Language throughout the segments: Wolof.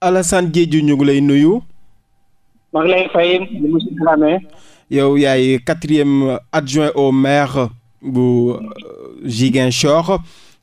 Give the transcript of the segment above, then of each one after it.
Alassane Diédhiou ñu ngi lay nuyu. yow yaay quatrième adjoint au maire bu euh, Ziguinchor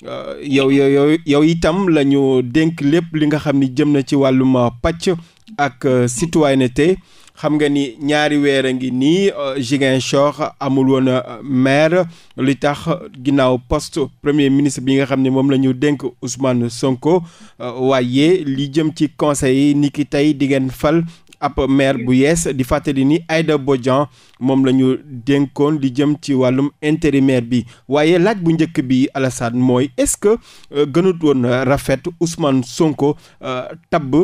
euh, yow yow yow itam lañu dénk lépp li nga xam ni jëm na ci wàllum pàcc ak euh, citoyenneté xam nga ni ñaari weer a ngi nii euh, Ziguinchor euh, amul woon euh, maire li tax ginnaaw poste premier ministre bi nga xam ne moom la ñu dénk Ousmane Sonko waaye li jëm ci conseil yi ni ki tey di ngeen fal ab maire bu yees di fàttali ni ayda Bodian moom lañu ñu dénkoon li jëm ci wàllum intérimaire bi waaye laaj bu njëkk bi Alassane mooy est-ce que euh, gënut woon rafet Ousmane Sonko euh, tabb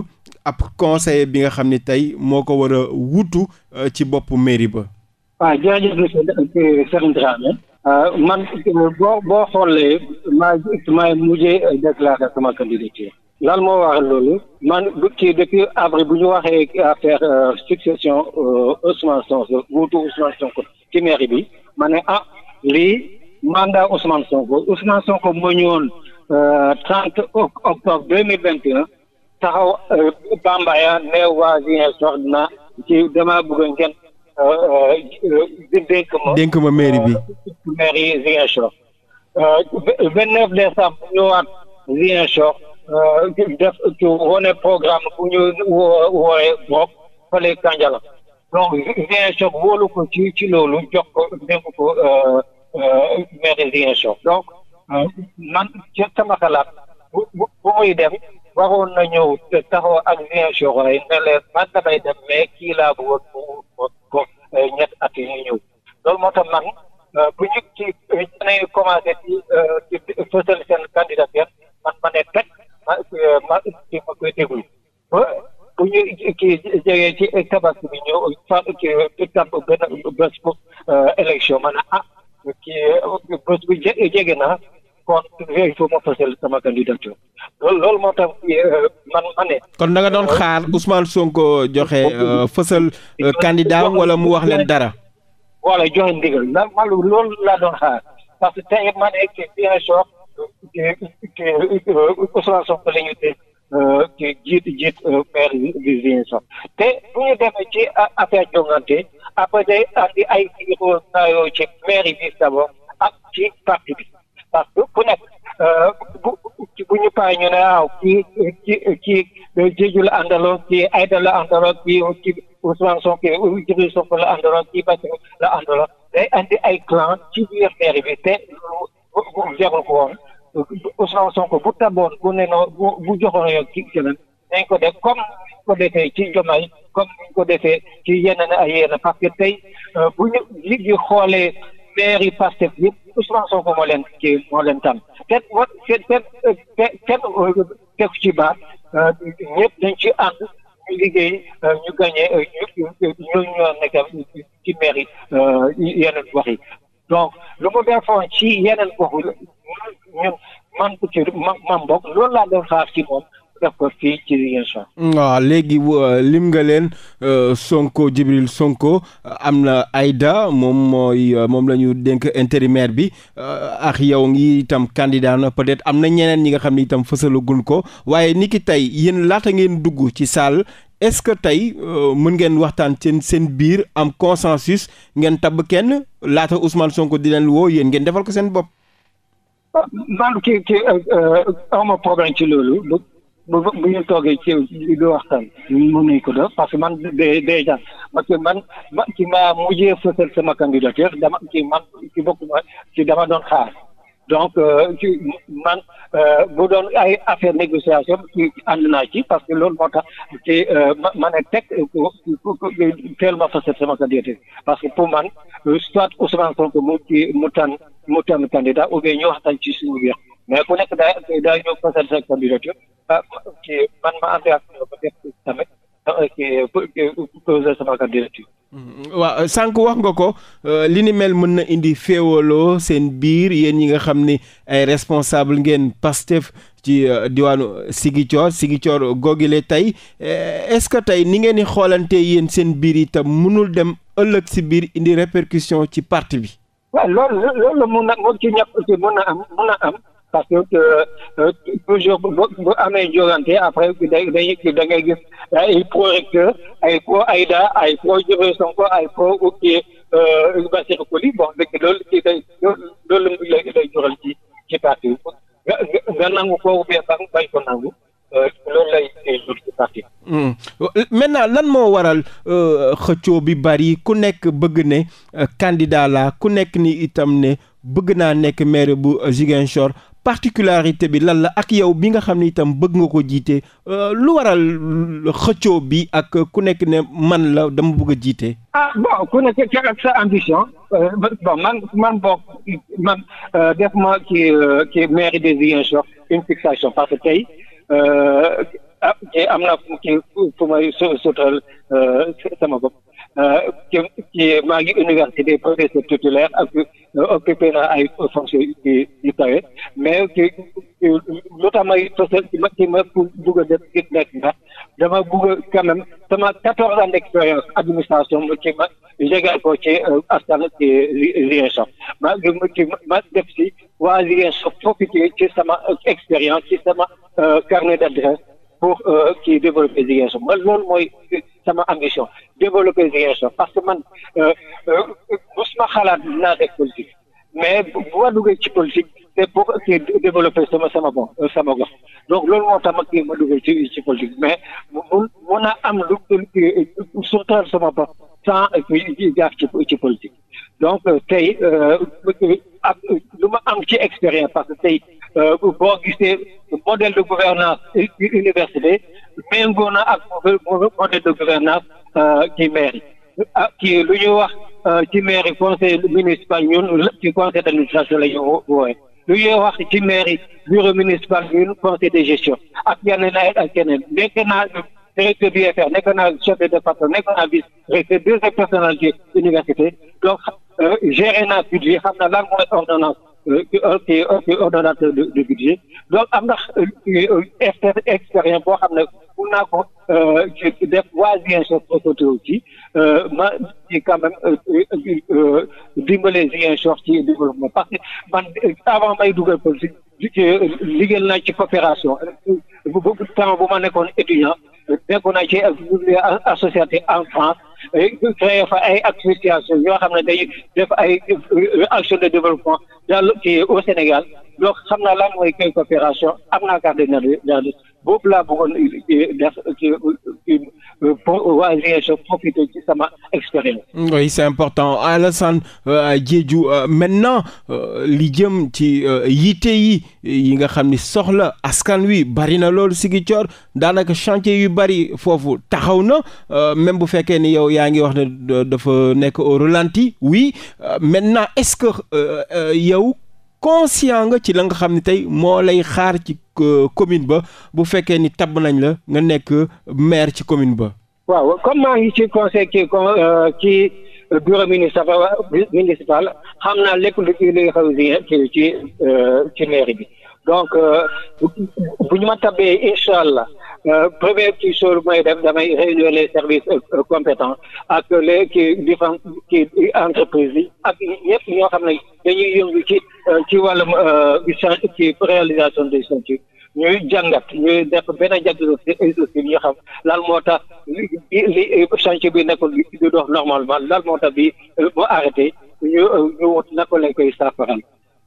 ab conseiller bi nga xam ni tey moo ko war a wutu euh, ci boppu mairie ba. waaw laal moo waral loolu man kii depuis après bu ñu waxee affaire euh, succession euh, Ousmane Sonko wuutu Ousmane Sonko ci mairie bi ma ne ah lii mandat Ousmane Sonko Ousmane Sonko moo ñëwoon euh, trente octobre deux mille vingt et un taxaw Bambaya ne waa Ziguinchor na ci dama bëgg ngeen di dénk ma dénk ma mairie bi mairie Ziguinchor vingt neuf décembre ñëwaat Ziguinchor def ci wone programme bu ñu wooye bopp fële Kanjala donc Ziguinchor wóolu ko ci ci loolu jox ko dénk ko euh, euh, maire Ziguinchor donc euh, man ci sama xalaat bu bu muy dem waroon na ñëw taxaw ak Ziguinchor waaye ne leen man dem mais kii laa bëggoon mu ko ñett at yi ñëw loolu moo tax man bu ñu ci dañuy ci ci fësal seen man ma ne ma kii ma koy déglu ba bu ñu kii jegee ci tabaski bi ñëw fa kii tàmp ma ne ah kii bés bu jege naa kon il faut ma fasal sama candidature loolu loolu moo tax man ma kon da doon xaar Ousmane Sonko joxe fësal candidat wala mu wax leen dara. wala joxe ndigal la ma loolu laa doon xaar parce que tey ma ne kii Ousmane Sonko la ñu dégg ci euh, jiit jiit euh, maire bi Ziguinchor te bu ñu demee ci affaire jongante après day andi ay xëy na yoo ci maire bi d'abord ak ci parti bi parce que ku nekk euh, bu bu ñu ne waaw ah, kii kii kii Diedhiou la àndaloon kii Aïda la àndaloon kii kii Ousmane Sonko kii Djibril Sonko la àndaloon kii Bassirou la àndaloon day andi ay clan ci biir maire bi te loolu jarul ko woon. Ousmane Sonko bu taboon bu ne noo bu bu joxoon yoon ci ko ko defee ci Diomaye comme ñu ko defee ci yeneen ay yeneen parce que tey euh, bu ñu liggéey ñi xoolee maire yi Pastef yëpp Ousmane Sonko moo leen ci moo leen tànn kenn kenn kenn euh, teg ci baat euh, ñëpp dañ ci ànd ñu liggéey ñu gagné ñu ñu ñoo nekk ci maire yeneen gox donc lu mu ci yeneen gox ñun man ku ci ma ma loolu laa doon xaar ci moom def waaw léegi euh, lim nga leen euh, Sonko Djibril Sonko euh, am na Aïda moom mooy moom la ñu dénk intérimaire bi ak yow ngi itam candidat na peut-être am na ñeneen ñi nga xam ni itam fësalagul ko waaye ni ki tey yéen laata ngeen dugg ci salle est-ce que tey mën ngeen waxtaan seen seen biir am consensus ngeen tabb kenn laata Ousmane Sonko di leen woo yéen ngeen defal ko seen bopp. man loolu. bu bu ñu toogee ci di waxtaan mën nañ ko def parce que man de déjà parce que man ma ci ma mujjee fësal sama candidature dama ci man ci bokk ma ci dama doon xaar donc euh, ci man euh, bu doon ay affaire négociation ci ànd naa ci parce que loolu moo tax ci euh, ma ma ne teg teel ma fësal sama candidature parce que pour man soit Ousmane Sonko mu ci mu tànn mu tànn candidat ou bien ñu waxtaan ci suñu biir mais ku nekk daa daa ñëw fësal sa candidature ah kii man waaw sànq wax nga ko euh, li ni mel mën na indi féewaloo seen biir yéen ñi nga xam ni ay responsable ngeen Pastef ci euh, diwaanu Ziguinchor Ziguinchor googile tey euh, est-ce que tey ni ngeen di xoolante yéen seen biir itam mënul dem ëllëg si biir indi répercussion ci parti bi. waaw loolu loolu mun na mun na am mun na am. parce que toujours bu amee jogante après day da ngay gis ay pro recteur ay pro ay pro Diomaye Sonko ay pro kii Bassirou Coly bon loolu lay lay jural ci ci parti hmm. lan moo waral euh, xëccoo bi bari ku nekk bëgg ne euh, candidat la ku nekk ni itam ne bëgg naa nekk maire bu Ziguinchor particularité bi lan la ak yow bi nga xam ne itam bëgg nga ko jiite euh, lu waral xëccoo bi ak ku nekk ne man la dama bëgg a jiite. ah bon ku nekk ak sa ambition. Euh, bon man man bokk man euh, def ma ci ci mairie de Ziguinchor une fixation parce que tey ah, am na fu may suutal sama bopp. Euh, ci ci maa ngi université professeur titulaire ak euh, occupé naa ay fonction yu kawe mais ci lu tax may ki ci ma ci ma pour bugg a def gis nekk ndax dama bugg a quand même sama quatorze ans d' expérience administration mu ci ma jégal ko ci euh, askan ci Ziguinchor ma ci ma def si waa Ziguinchor profité ci sama expérience ci sama carnet d' pour kii euh, développer Ziguinchor man loolu mooy sama ambition développer Ziguinchor parce que man euh, euh, musuma xalaat naa def politique mais bu ma duggee ci politique te pour kii développer sama sama bon sama gox donc loolu moo tax ma kii ma duggee ci ci politique mais mun mun a am lu suqal sama bopp sans i ci ci politique donc tey ak lu ma am ci expérience parce que tey. boo euh, gisee modèle de gouvernance université méngoo na ak modèle de gouvernance ci mairie kii lu ñuy wax ci euh, mairie conseil municipal ñun ci conseil d'administration la o wooye lu ñuy wax ci mairie bureau municipal ñun conseil de gestion ak yeneen ak yeneen nekk directeur du UFR nekk naa chef de département nekk naa vice recteur deux personnalités université donc euh, gérer naa budget xam na lan mooy qui euh, est euh, ordonnateur de budget donc am na euh, expérience boo xam ne mun naa ko def voisin Ziguinchor ci ma ci quand même dimbale Ziguinchor ci développement parce que man avant may dugal l liggéey naa ci coopération bu temps bu ma nekkoon étudiant nekkoon naa ci association en France Eh, créer fa ay association yoo xam ne day def ay action de développement daal ci au Sénégal donc xam naa lan mooy kay coopération am naa carte de boobu laa bëggoon euh, def kii euh, euh, waa Ziguinchor profité ci sama expérience. oui c'est important Alassane Diédhiou maintenant li jëm ci yitte yi yi nga xam ni soxla askan wi bari na loolu Ziguinchor daanaka chantier yu bari foofu taxaw na même bu fekkee ni yow yaa ngi wax ne dafa nekk au ralenti oui maintenant est-ce que yow. conscient nga ci la nga xam ne tey moo lay xaar ci euh, commune ba bu fekkee ni tabb nañ la nga nekk mair ci commune ba. waaw comme maa ngi ci conseil ci euh, ci bureau municipal municipal xam naa lépp lu ci li nga xam ci euh, ci mairie bi donc bu ñu ma tabbee incha allah. Euh, première kii chose mooy def damay réunir les services euh, compétents ak les kii différents kii entreprises bi ak ñëpp ñoo xam ne dañuy yëngu ci euh, ci wàllum ci réalisation des chantiers ñuy jàngat ñuy def benn diagnostic exhaustif ñu xam laal moo tax li chantier bi nekkul du dox normalement lan moo tax bi mu arrêté ñu ñu wut naka lañ koy saafaral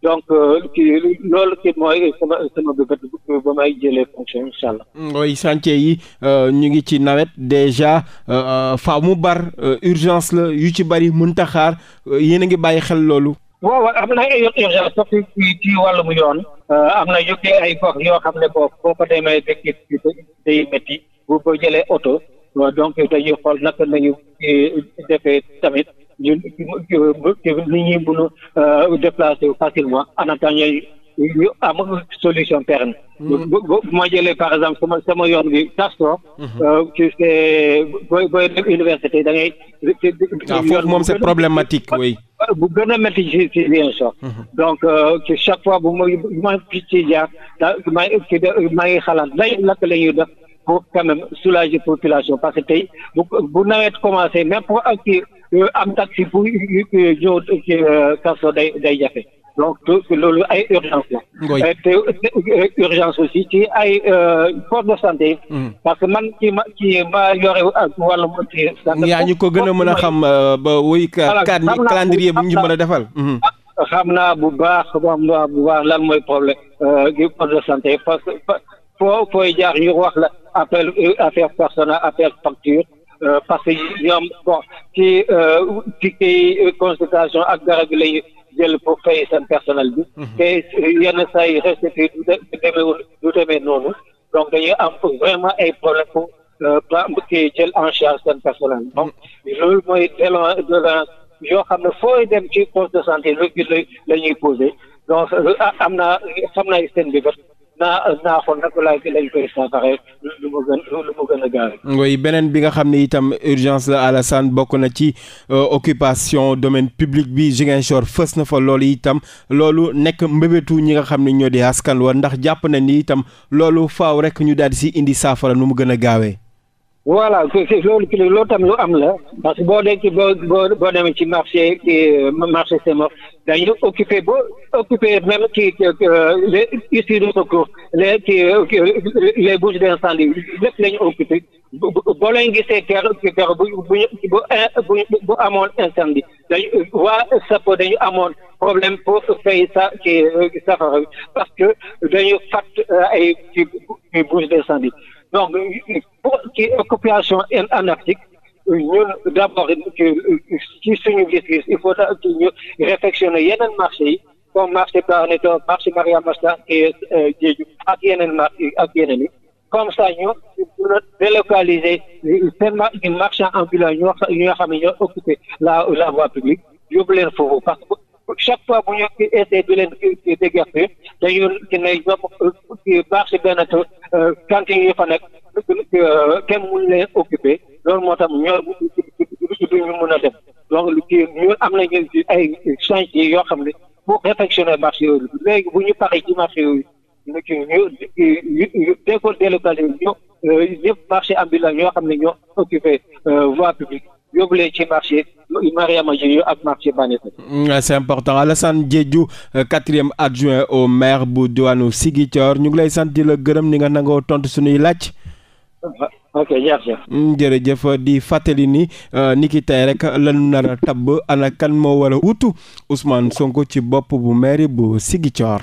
donc euh, kii loolu kii mooy sama sama bëgg ba may jëlee fonction incha allah. mooy mm, chantier yi euh, ñu ngi ci nawet déjà euh, faaw mu bar urgence la yu ci bari mënut a xaar yéen a ngi bàyyi xel loolu. waaw am na ay urgence parce que ci wàllum yoon. am na yu ay gox yoo xam ne boobu boo ko demee yi bi day métti bu ko jëlee oto donc dañuy xool naka nañu defee tamit. ñu nit ñi mën a euh, déplacer facilement en attendant am solution pérenne. Mm. bu bu ma jëlee par exemple sama sama yoon bi Castro. Mm-hmm. Euh, tu sais booy booy dem université da ngay. waaw ah, moom c'est problématique oui. bu gën a métti ci ci Ziguinchor. Mm-hmm. donc euh, chaque fois bu ma ma ci jaar da ma maa ngi xalaat lay lakk la ñuy def pour quand même soulager population parce que tey bu nawet commencé même pour ak am taxi bu ñëw euh, day day jafe donc loolu ay urgence la euh, euh, ci ay poste de santé mm. parce que man ci ma ci ma yore ak wàllum yaa ñu ko gën a mën a xam ba wuy kaat ñi bu ñu mën a defal mm-hmm. ah, xam naa bu baax xam naa bu baax lan mooy problème gi de santé parce que foo fooy jaar ñu wax la appel affaire personnel appel facture Euh, parce que ñoom bon ci euh, ci consultation ak garab yi lañu jël pour fay seen personnel bi. Mhm. te yenn saa yi recette yi du demee du demee noonu donc dañuy am vraiment ay problème pour pour euh, kii jël en charge seen personnel donc mhm. loolu mooy délan délan yoo xam ne fooy dem ci poste de santé loolu la ñuy posé donc am naa xam naa seen bi bët naa naa xool naka laay lañ koy saafaree mu beneen bi nga xam ne itam urgence la Alassane bokk na ci euh, occupation domaine public bi Ziguinchor fës na fa loolu itam loolu nekk mbébétu ñi nga xam ne ñoo di askan wa ndax jàpp na ni itam loolu faw rek ñu daal di si indi saafara nu mu gën a gaawee. voilà loolu ki loolu tam lu am la parce que boo dee ci boo boo boo demee ci marché ci marché Semor dañu occupé ba occupé même ci euh, les issues de secours les ci les bouches d'incendie lépp la ñu occupé boo leen gisee terre terre bu bu bu bu amoon incendie dañu waa SAPO dañu amoon problème pour fay sa ci safara bi parce que dañu fàtt euh, ay ci bouches non euh, pour ci occupation anarchique euh, ñun d'abord ci euh, suñu gis-gis il faut que ñu réfectionner yeneen marché yi comme marché Planéto marché Mariama Sarr et ak yeneen marché ak yeneen yi comme ça ñu mën a délocaliser seen marchand ambulant ñoo xam ne la la voie publique yóbbu leen foofu parce que chaque fois bu ñu essayé di leen déguerpi dañu ne ñoom baax si benn euh, cantine yi fa nekk euh, kenn mënu leen occupé loolu moo tam ñoom duñu mën a dem donc lu ci ñu am nañu ay chantier yoo xam ne pour réfectionner marché yooyu léegi bu ñu paree ci marché yooyu ñu ci ñu déco délocaliser ñu marché ambulant ñoo xam ne ñoo occupé euh, voie publique yóbbu leen ci marché Mariama Dieng ak marché Banete. Mm, c'est important Alassane Diédhiou euh, quatrième adjoint au maire bu diwaanu Ziguinchor ñu ngi lay sant di la gërëm ni nga nangoo tontu suñuy laaj. ok mm, di fàttali ni euh, ni ki tey rek lañu nar tabb ana kan moo war wutu Ousmane Sonko ci bopp bu maire bu Ziguinchor.